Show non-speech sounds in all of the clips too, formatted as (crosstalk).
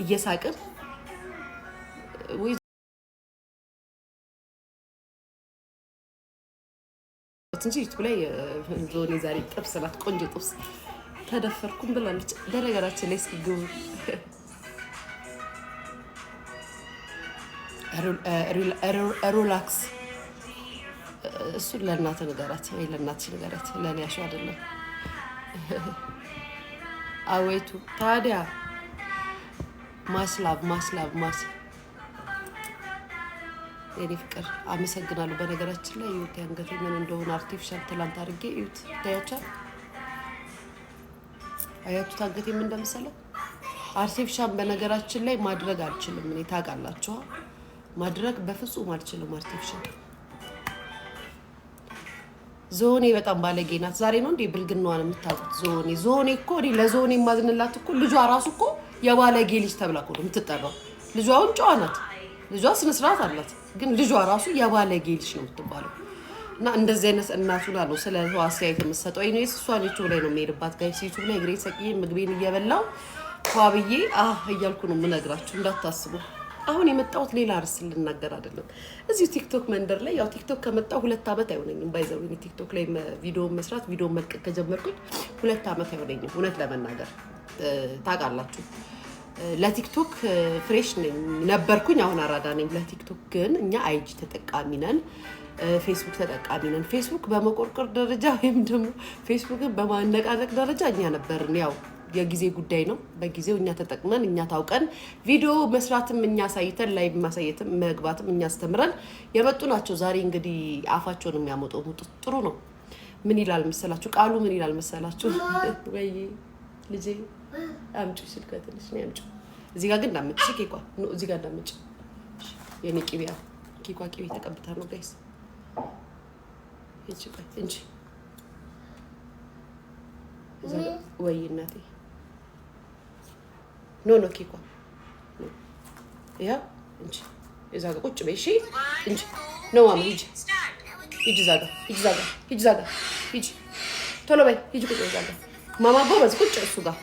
እየሳቅም እንጂ ዩቱብ ላይ ዞኔ ዛሬ ጥብስ ናት፣ ቆንጆ ጥብስ ተደፈርኩም ብላለች። በነገራችን ላይ እስኪ ግቡ ሮላክስ እሱን ለእናተ ንገራት ወይ ለእናት ንገራት። ለእኔ ያሸው አይደለም አወይቱ ታዲያ ማስላብ ማስላብ ማስ የኔ ፍቅር አመሰግናለሁ። በነገራችን ላይ ይሁት ያንገቴ ምን እንደሆነ አርቲፊሻል ትላንት አድርጌ ይሁት ታያቻል። አያቱት አንገቴ ምን እንደመሰለ አርቲፊሻል። በነገራችን ላይ ማድረግ አልችልም እኔ ታውቃላችኋ፣ ማድረግ በፍጹም አልችልም አርቲፊሻል። ዞኔ በጣም ባለጌ ናት። ዛሬ ነው እንዴ ብልግናዋን የምታውቁት? ዞኔ ዞኔ እኮ ለዞኔ የማዝንላት እኮ ልጇ ራሱ እኮ የባለጌ ልጅ ተብላ እኮ ነው የምትጠራው። ልጇ አሁን ጨዋ ናት፣ ልጇ ስነስርዓት አላት። ግን ልጇ ራሱ የባለጌ ልጅ ነው የምትባለው። እና እንደዚህ አይነት እናቱ ነው ስለ አስተያየት የምትሰጠው። ይነ እሷን ዩቱብ ላይ ነው የምሄድባት ጋ ዩቱብ ላይ እግሬ ሰቅዬ ምግቤን እየበላው ከዋብዬ አ እያልኩ ነው የምነግራችሁ እንዳታስቡ። አሁን የመጣሁት ሌላ ርዕስ ልናገር አይደለም። እዚሁ ቲክቶክ መንደር ላይ ያው ቲክቶክ ከመጣሁ ሁለት ዓመት አይሆነኝም። ባይዘው ቲክቶክ ላይ ቪዲዮ መስራት ቪዲዮ መልቀቅ ከጀመርኩኝ ሁለት ዓመት አይሆነኝም። እውነት ለመናገር ታውቃላችሁ ለቲክቶክ ፍሬሽ ነበርኩኝ። አሁን አራዳ ነኝ። ለቲክቶክ ግን እኛ አይጂ ተጠቃሚ ነን፣ ፌስቡክ ተጠቃሚ ነን። ፌስቡክ በመቆርቆር ደረጃ (laughs) ወይም ደግሞ ፌስቡክን በማነቃነቅ ደረጃ እኛ ነበርን። ያው የጊዜ ጉዳይ ነው። በጊዜው እኛ ተጠቅመን እኛ ታውቀን ቪዲዮ መስራትም እኛ አሳይተን ላይ ማሳየትም መግባትም እኛ አስተምረን የመጡ ናቸው። ዛሬ እንግዲህ አፋቸውን የሚያመጠው ጥሩ ነው። ምን ይላል መሰላችሁ? ቃሉ ምን ይላል መሰላችሁ? (laughs) ወይ ልጄ አምጪ ስልክ ትንሽ ነው አምጪ። እዚህ ጋር ግን እንዳምጪ ኬኳ ነው። እዚህ ጋር እንዳምጪ የኔ ቂቢያ ኬኳ ቂቤ ተቀብታ ነው ጋይስ እንጂ ቆይ እንጂ ወይ እናቴ ኖ ኖ ኬኳ ያ እንጂ እዛ ጋር ቁጭ በይ እሺ። እንጂ ነው ማሚ ሂጂ ሂጂ እዛ ጋር ሂጂ እዛ ጋር ሂጂ እዛ ጋር ሂጂ ቶሎ በይ ሂጂ ቁጭ እዛ ጋር ማማ ጎበዝ ቁጭ እሱ ጋር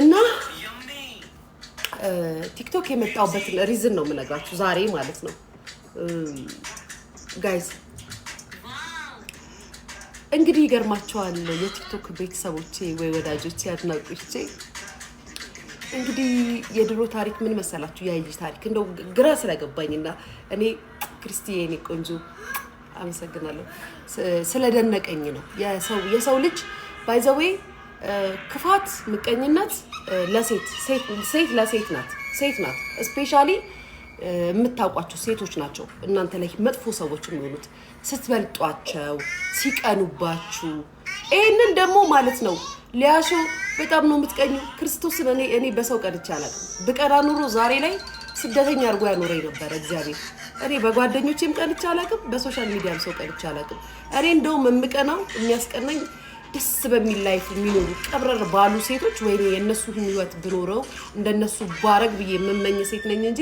እና ቲክቶክ የመጣሁበትን ሪዝን ነው የምነግራችሁ ዛሬ ማለት ነው ጋይዝ። እንግዲህ ይገርማቸዋል የቲክቶክ ቤተሰቦቼ ወይ ወዳጆቼ፣ አድናቂዎቼ እንግዲህ የድሮ ታሪክ ምን መሰላችሁ? ያይ ታሪክ እንደው ግራ ስለገባኝና እኔ ክርስቲ የኔ ቆንጆ አመሰግናለሁ ስለደነቀኝ ነው የሰው ልጅ ባይዘወይ ክፋት፣ ምቀኝነት ለሴት ሴት ለሴት ናት ሴት ናት። ስፔሻሊ የምታውቋቸው ሴቶች ናቸው እናንተ ላይ መጥፎ ሰዎች የሚሆኑት ስትበልጧቸው፣ ሲቀኑባችሁ። ይህንን ደግሞ ማለት ነው ሊያሾ በጣም ነው የምትቀኙ። ክርስቶስን እኔ እኔ በሰው ቀንቼ አላውቅም። ብቀና ኑሮ ዛሬ ላይ ስደተኛ አድርጎ ያኖረኝ ነበረ እግዚአብሔር። እኔ በጓደኞቼም ቀንቼ አላውቅም፣ በሶሻል ሚዲያም ሰው ቀንቼ አላውቅም። እኔ እንደውም የምቀናው የሚያስቀናኝ ደስ በሚል ላይፍ የሚኖሩ ቀብረር ባሉ ሴቶች ወይ የእነሱ ህይወት ብኖረው እንደነሱ ባረግ ብዬ የምመኝ ሴት ነኝ እንጂ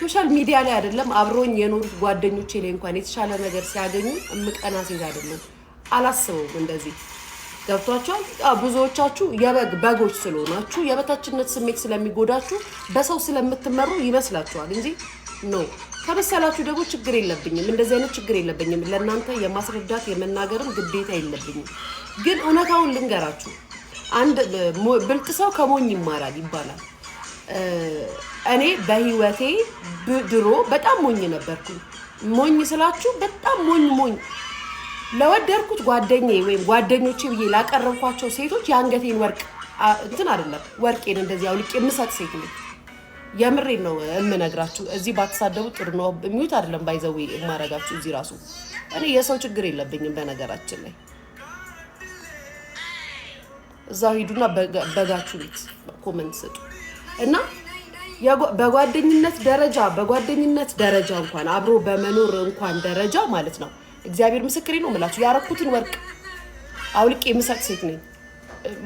ሶሻል ሚዲያ ላይ አይደለም አብሮኝ የኖሩት ጓደኞቼ ላይ እንኳን የተሻለ ነገር ሲያገኙ እምቀና ሴት አይደለም። አላስበውም እንደዚህ ገብቷቸዋል። ብዙዎቻችሁ የበግ በጎች ስለሆናችሁ የበታችነት ስሜት ስለሚጎዳችሁ በሰው ስለምትመሩ ይመስላችኋል እንጂ ነው። ከበሰላችሁ ደግሞ ችግር የለብኝም፣ እንደዚህ አይነት ችግር የለብኝም። ለእናንተ የማስረዳት የመናገርም ግዴታ የለብኝም። ግን እውነታውን ልንገራችሁ፣ አንድ ብልጥ ሰው ከሞኝ ይማራል ይባላል። እኔ በህይወቴ ድሮ በጣም ሞኝ ነበርኩኝ። ሞኝ ስላችሁ በጣም ሞኝ ሞኝ ለወደድኩት ጓደኛዬ ወይም ጓደኞቼ ብዬ ላቀረብኳቸው ሴቶች የአንገቴን ወርቅ እንትን አይደለም ወርቄን እንደዚህ አውልቄ የምሰጥ ሴት ነኝ። የምሬን ነው የምነግራችሁ። እዚህ ባትሳደቡ ጥሩ ነው። ሚዩት አይደለም ባይዘዌ የማረጋችሁ እዚህ ራሱ እኔ የሰው ችግር የለብኝም። በነገራችን ላይ እዛው ሂዱና በጋችሁ ቤት ኮመንት ስጡ እና በጓደኝነት ደረጃ በጓደኝነት ደረጃ እንኳን አብሮ በመኖር እንኳን ደረጃ ማለት ነው እግዚአብሔር ምስክሬ ነው የምላችሁ ያረኩትን ወርቅ አውልቄ የምሰጥ ሴት ነኝ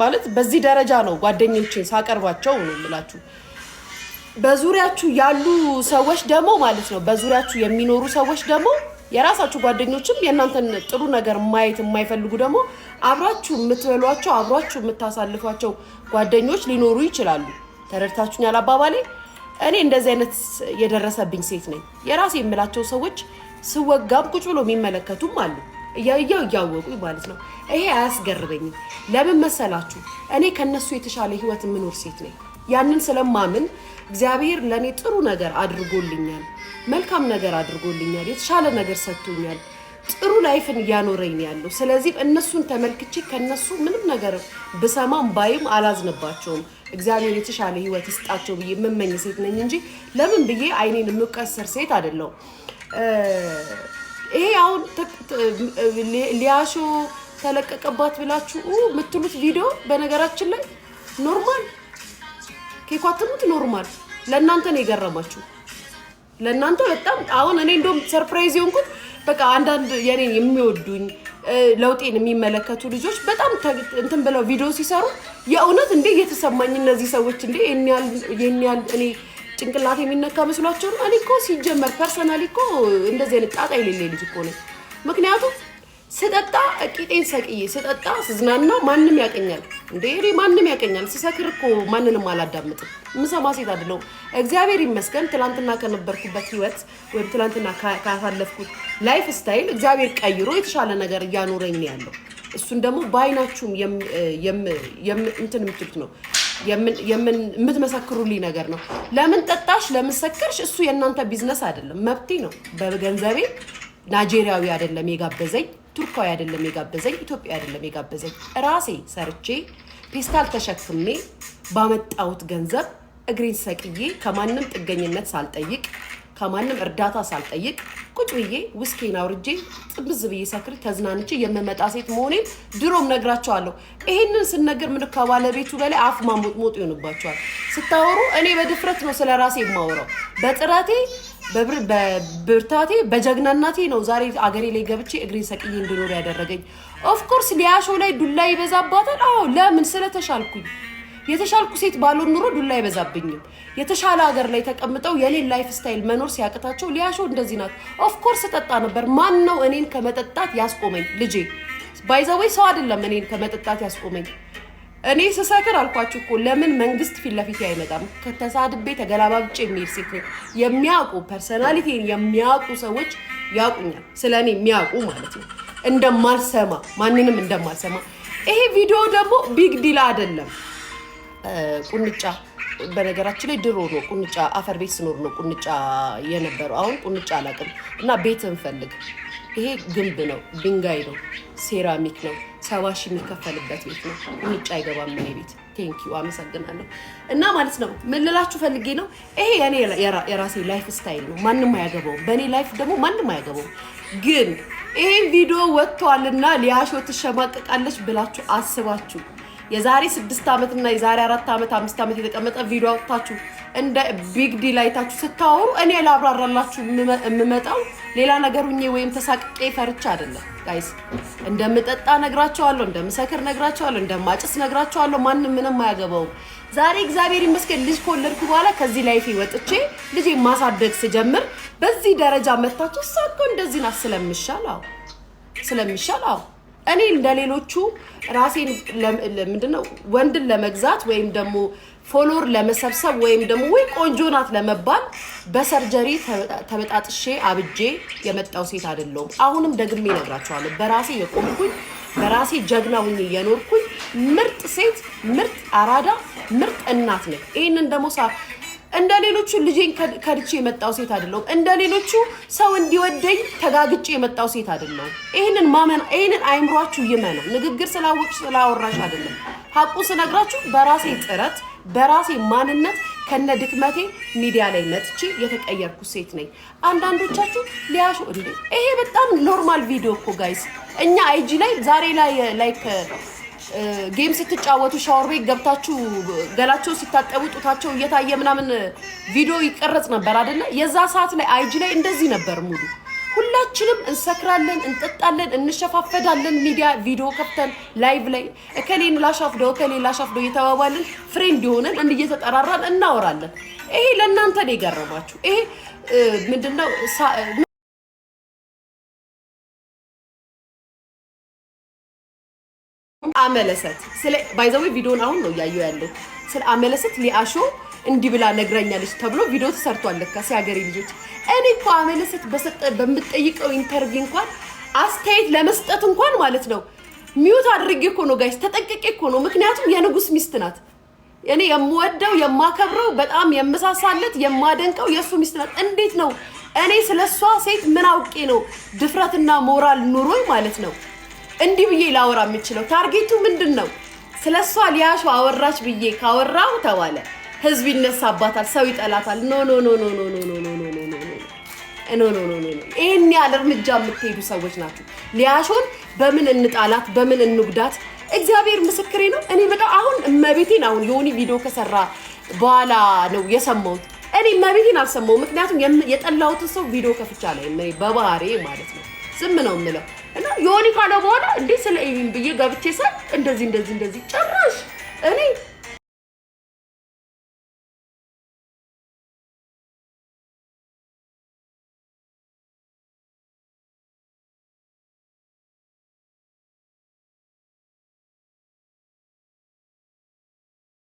ማለት በዚህ ደረጃ ነው ጓደኞችን ሳቀርባቸው ነው የምላችሁ። በዙሪያችሁ ያሉ ሰዎች ደግሞ ማለት ነው በዙሪያችሁ የሚኖሩ ሰዎች ደግሞ የራሳችሁ ጓደኞችም የእናንተን ጥሩ ነገር ማየት የማይፈልጉ ደግሞ አብሯችሁ የምትበሏቸው አብሯችሁ የምታሳልፏቸው ጓደኞች ሊኖሩ ይችላሉ። ተረድታችሁኛል አባባሌ? እኔ እንደዚህ አይነት የደረሰብኝ ሴት ነኝ። የራሴ የምላቸው ሰዎች ስወጋም ቁጭ ብሎ የሚመለከቱም አሉ፣ እያው እያወቁ ማለት ነው። ይሄ አያስገርበኝም። ለምን መሰላችሁ? እኔ ከነሱ የተሻለ ህይወት የምኖር ሴት ነኝ። ያንን ስለማምን እግዚአብሔር ለእኔ ጥሩ ነገር አድርጎልኛል፣ መልካም ነገር አድርጎልኛል፣ የተሻለ ነገር ሰጥቶኛል፣ ጥሩ ላይፍን እያኖረኝ ያለው። ስለዚህ እነሱን ተመልክቼ ከነሱ ምንም ነገር ብሰማም ባይም አላዝንባቸውም። እግዚአብሔር የተሻለ ህይወት ይስጣቸው ብዬ የምመኝ ሴት ነኝ እንጂ ለምን ብዬ አይኔን የምቀሰር ሴት አይደለሁም። ይሄ አሁን ሊያሾ ተለቀቀባት ብላችሁ የምትሉት ቪዲዮ በነገራችን ላይ ኖርማል ኬክ አትሙት። ኖርማል ለእናንተ ነው የገረማችሁ። ለእናንተ በጣም አሁን እኔ እንደውም ሰርፕራይዝ የሆንኩት በቃ አንዳንድ የኔን የሚወዱኝ ለውጤን የሚመለከቱ ልጆች በጣም እንትን ብለው ቪዲዮ ሲሰሩ የእውነት እንዴ እየተሰማኝ እነዚህ ሰዎች እንዴ ይህን ያህል እኔ ጭንቅላት የሚነካ መስሏቸው ነው። እኔ እኮ ሲጀመር ፐርሰናሊ እኮ እንደዚህ አይነት ጣጣ የሌለ ልጅ እኮ ነው። ምክንያቱም ስጠጣ ቂጤን ሰቅዬ ስጠጣ ስዝናና ማንም ያቀኛል። እንዴ እኔ ማንም ያቀኛል። ስሰክር እኮ ማንንም አላዳምጥም። ምሰማ ሴት አይደለሁም። እግዚአብሔር ይመስገን ትላንትና ከነበርኩበት ህይወት ወይም ትላንትና ካሳለፍኩት ላይፍ ስታይል እግዚአብሔር ቀይሮ የተሻለ ነገር እያኖረኝ ነው ያለው። እሱን ደግሞ በአይናችሁም እንትን የምትሉት ነው የምትመሰክሩልኝ ነገር ነው። ለምን ጠጣሽ፣ ለምን ሰከርሽ፣ እሱ የእናንተ ቢዝነስ አይደለም፣ መብቴ ነው። በገንዘቤ ናይጄሪያዊ አይደለም የጋበዘኝ ቱርካዊ አይደለም የጋበዘኝ፣ ኢትዮጵያ አይደለም የጋበዘኝ። ራሴ ሰርቼ ፔስታል ተሸክሜ ባመጣሁት ገንዘብ እግሬን ሰቅዬ ከማንም ጥገኝነት ሳልጠይቅ ከማንም እርዳታ ሳልጠይቅ ቁጭ ብዬ ውስኬን አውርጄ ጥብዝ ብዬ ሰክር ተዝናንቼ የምመጣ ሴት መሆኔን ድሮም ነግራቸዋለሁ። ይሄንን ስነገር ምን ከባለቤቱ በላይ አፍ ሞጥ ይሆንባቸዋል። ስታወሩ እኔ በድፍረት ነው ስለ ራሴ የማወራው። በጥረቴ በብርታቴ በጀግናናቴ ነው ዛሬ አገሬ ላይ ገብቼ እግሬን ሰቅዬ እንድኖር ያደረገኝ። ኦፍኮርስ ሊያሾ ላይ ዱላ ይበዛባታል። አዎ ለምን ስለተሻልኩኝ። የተሻልኩ ሴት ባልሆን ኑሮ ዱላ አይበዛብኝም። የተሻለ ሀገር ላይ ተቀምጠው የሌላ ላይፍ ስታይል መኖር ሲያቅታቸው ሊያሾ እንደዚህ ናት። ኦፍኮርስ እጠጣ ነበር። ማን ነው እኔን ከመጠጣት ያስቆመኝ? ልጄ ባይዘወይ ሰው አይደለም እኔን ከመጠጣት ያስቆመኝ እኔ ስሰክር አልኳችሁ እኮ ለምን መንግስት ፊት ለፊት አይመጣም? ከተሳድቤ ተገላባብጬ የሚሄድ ሴት የሚያውቁ ፐርሰናሊቲን የሚያውቁ ሰዎች ያውቁኛል። ስለ እኔ የሚያውቁ ማለት ነው። እንደማልሰማ ማንንም እንደማልሰማ። ይሄ ቪዲዮ ደግሞ ቢግ ዲል አይደለም። ቁንጫ በነገራችን ላይ ድሮ ነው ቁንጫ፣ አፈር ቤት ስኖር ነው ቁንጫ የነበረው። አሁን ቁንጫ አላውቅም። እና ቤት እንፈልግ። ይሄ ግንብ ነው፣ ድንጋይ ነው፣ ሴራሚክ ነው ሰባ ሺህ የሚከፈልበት ቤት ነው። ውጭ አይገባም ይሄ ቤት። ቴንኪው አመሰግናለሁ። እና ማለት ነው ምን ልላችሁ ፈልጌ ነው ይሄ የኔ የራሴ ላይፍ ስታይል ነው። ማንም አያገባውም። በእኔ ላይፍ ደግሞ ማንም አያገባውም። ግን ይሄን ቪዲዮ ወጥቷልና ሊያሾ ትሸማቀቃለች ብላችሁ አስባችሁ የዛሬ ስድስት ዓመትና የዛሬ አራት ዓመት አምስት ዓመት የተቀመጠ ቪዲዮ አውጥታችሁ እንደ ቢግ ዲል አይታችሁ ስታወሩ እኔ ላብራራላችሁ የምመጣው ሌላ ነገር ሁኜ ወይም ተሳቅቄ ፈርቻ አይደለም። ጋይስ እንደምጠጣ ነግራቸዋለሁ፣ እንደምሰክር ነግራቸዋለሁ፣ እንደማጭስ ነግራቸዋለሁ። ማንም ምንም አያገባውም። ዛሬ እግዚአብሔር ይመስገን ልጅ ከወለድኩ በኋላ ከዚህ ላይፍ ወጥቼ ልጅ ማሳደግ ስጀምር በዚህ ደረጃ መታችሁ ሳኮ እንደዚህ ናት ስለምሻል ስለምሻል እኔ እንደሌሎቹ ራሴን ምንድነው ወንድን ለመግዛት ወይም ደግሞ ፎሎወር ለመሰብሰብ ወይም ደግሞ ወይ ቆንጆ ናት ለመባል በሰርጀሪ ተበጣጥሼ አብጄ የመጣው ሴት አይደለሁም። አሁንም ደግሜ እነግራቸዋለሁ። በራሴ የቆምኩኝ በራሴ ጀግና ሁኝ እየኖርኩኝ ምርጥ ሴት፣ ምርጥ አራዳ፣ ምርጥ እናት ነኝ። ይህንን ደግሞ እንደ ሌሎቹ ልጄን ከድቼ የመጣው ሴት አይደለሁም። እንደ ሌሎቹ ሰው እንዲወደኝ ተጋግጬ የመጣው ሴት አይደለሁም። ይህንን ማመን ይህንን አይምሯችሁ ይመነው። ንግግር ስላወቅሽ ስላወራሽ አይደለም። ሀቁ ስነግራችሁ በራሴ ጥረት በራሴ ማንነት ከነ ድክመቴ ሚዲያ ላይ መጥቼ የተቀየርኩ ሴት ነኝ። አንዳንዶቻችሁ ሊያሹ እንዴ! ይሄ በጣም ኖርማል ቪዲዮ እኮ ጋይስ። እኛ አይጂ ላይ ዛሬ ላይ ላይክ ጌም ስትጫወቱ ሻወር ቤት ገብታችሁ ገላቸው ሲታጠቡ ጡታቸው እየታየ ምናምን ቪዲዮ ይቀረጽ ነበር አይደለ? የዛ ሰዓት ላይ አይጂ ላይ እንደዚህ ነበር ሙሉ ሁላችንም እንሰክራለን፣ እንጠጣለን፣ እንሸፋፈዳለን። ሚዲያ ቪዲዮ ከፍተን ላይቭ ላይ እከሌን ላሻፍዶ እከሌን ላሻፍዶ እየተባባልን ፍሬንድ የሆነን እንድ እየተጠራራን እናወራለን። ይሄ ለእናንተ ነው የገረማችሁ። ይሄ ምንድነው? አመለሰት ስለ ባይዛዊ ቪዲዮን አሁን ነው እያየሁ ያለው። ስለ አመለሰት ሊያሾ እንዲህ ብላ ነግራኛለች ተብሎ ቪዲዮ ተሰርቷል። ለካ ሲያገሬ ልጆች እኔ እኮ አመለሰት በምጠይቀው ኢንተርቪው እንኳን አስተያየት ለመስጠት እንኳን ማለት ነው ሚዩት አድርጌ እኮ ነው ጋይስ፣ ተጠንቅቄ እኮ ነው። ምክንያቱም የንጉስ ሚስት ናት። እኔ የምወደው የማከብረው በጣም የምሳሳለት የማደንቀው የእሱ ሚስት ናት። እንዴት ነው እኔ ስለ እሷ ሴት ምን አውቄ ነው ድፍረትና ሞራል ኑሮኝ ማለት ነው እንዲህ ብዬ ላወራ የምችለው ታርጌቱ ምንድን ነው? ስለ እሷ ሊያሾ አወራች ብዬ ካወራው ተባለ ህዝብ ይነሳባታል፣ ሰው ይጠላታል። ኖ ኖ ኖ ኖ ኖ ኖ ኖ ኖ ኖ ኖ ኖ ኖ ይህን ያህል እርምጃ የምትሄዱ ሰዎች ናቸው። ሊያሾን በምን እንጣላት? በምን እንጉዳት? እግዚአብሔር ምስክሬ ነው። እኔ በጣም አሁን እመቤቴን አሁን የሆነ ቪዲዮ ከሰራ በኋላ ነው የሰማሁት። እኔ እመቤቴን አልሰማሁም፣ ምክንያቱም የጠላሁትን ሰው ቪዲዮ ከፍቻ ላይ በባህሬ ማለት ነው ዝም ነው የምለው እና ዮኒ ካለ በኋላ እንዴ ስለ ኤሚን ብዬ ገብቼ ሳይ እንደዚህ እንደዚህ እንደዚህ ጭራሽ እኔ